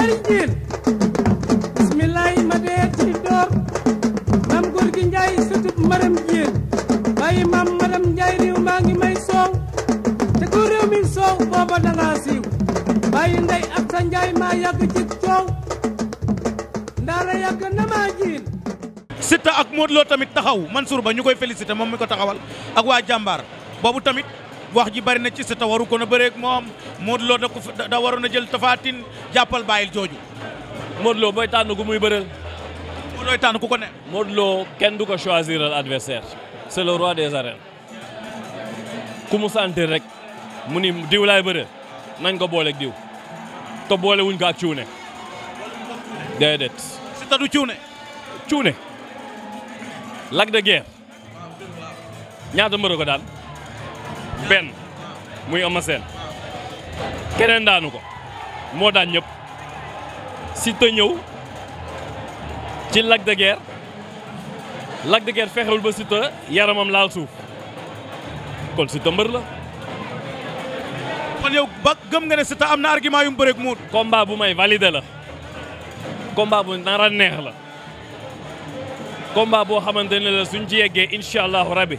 alal jiin bismillaay ma dee ci door maam góor gi njaay sutub maram jiin bàyyi maam maram njaay réew maa ngi may soow te ku réew mi soow booba danga siiw bàyyi ndey ak sa njaay maa yàgg ci coow ndaara yàgg ya na maa jiin Siteu ak Modou Lo tamit taxaw Mansour Ba ñu koy félicité mi ko taxawal ak waa jàmbaar boobu tamit wax ji bari na ci sa tawaru ko na bëreeg moom Modou Lo da waroon na jël tafaatin jàppal bàyyil jooju. Modou booy tànn ku muy bëreel. Modou tànn ku ko ne. Modou Lo kenn du ko choisir al adversaire c'est le roi des arènes ku mu sentir rek mu ni diw laay bëreel nañ ko boole diw te boole wuñ ko ak cuune. déedéet. si tadu cuune. cuune. Lac de Guiers ñaata mbër ko daan. benn muy Eumeu Sène keneen daanu ko moo daan ñëpp Siteu ñëw ci Lac de Guiers Lac de Guiers fexewul ba Siteu yaramam laal suuf kon Siteu mbër la. kon yow ba gëm nga ne sita am na argument yu mu bëreeg muut. combat bu may validé la komba bu nara neex la komba boo xamante ne la suñ ci yeggee incha allahu rabi.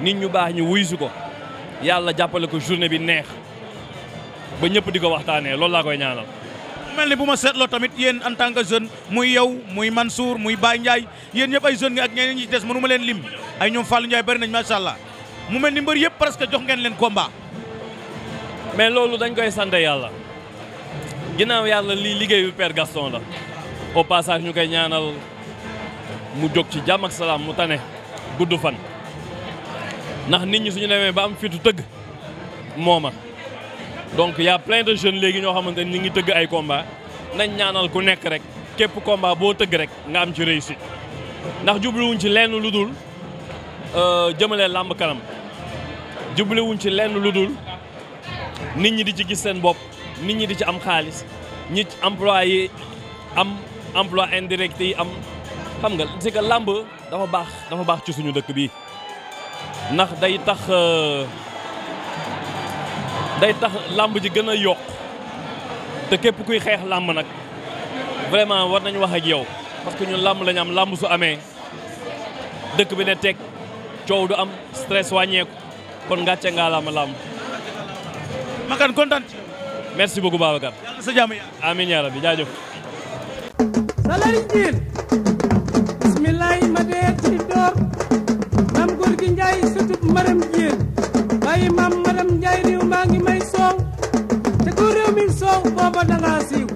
nit ñu baax ñu wuyisu ko yalla jappale ko journée bi neex ba ñepp diko waxtane lool la koy ñaanal. melni buma setlo tamit yeen en tant que jeune muy yow muy Mansour muy bay ndjay yeen ñepp ay jeune nga ak ñeneen ñi dess des mënu ma leen lim ay ñom fall ndjay bari nañ sha allah mu melni mbeur mbër presque jox ngeen leen combat. mais loolu dañ koy yalla ginaaw yalla li lii liggéeyu Père Gaston la au passage ñukay ñaanal mu jog ci jamak salam mu tane guddu fan. ndax nit ñi suñu demee ba am fitu tëgg mooma donc y' a plein de jeunes léegi ñoo xamante ni ñu ngi tëgg ay combat nañ ñaanal ku nekk rek képp combat boo tëgg rek nga am ci réussite ndax jublewuñ ci lenn lu dul euh, jëmale làmb kanam jublewuñ ci lenn lu dul nit ñi di ci gis seen bopp nit ñi di ci am xaalis ñi emploi yi am emploi indirect yi am xam nga c'est que làmb dafa baax dafa baax ci suñu dëkk bii ndax day tax euh, day tax lamb ji gëna yok te képp kuy xeex lamb nak vraiment war nañ wax ak yow parce que ñun lamb lañ am lamb su amé dëkk bi né teg ciow du am stress wàññeeku kon ngàcce nga lamb lamb. Makan content merci beaucoup Babacar. yalla sa jamm yaa. amiin yaa rabbi jaajëf. Salar Diène. maram jéen bàyyi maam maram njaay riw maa ngi may soow te ku réew mi soow booba danga siiw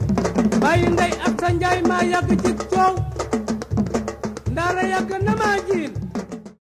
bàyyi ndey ak sa njaay maa yàgg ci coow ndaara yàgg na maa jiin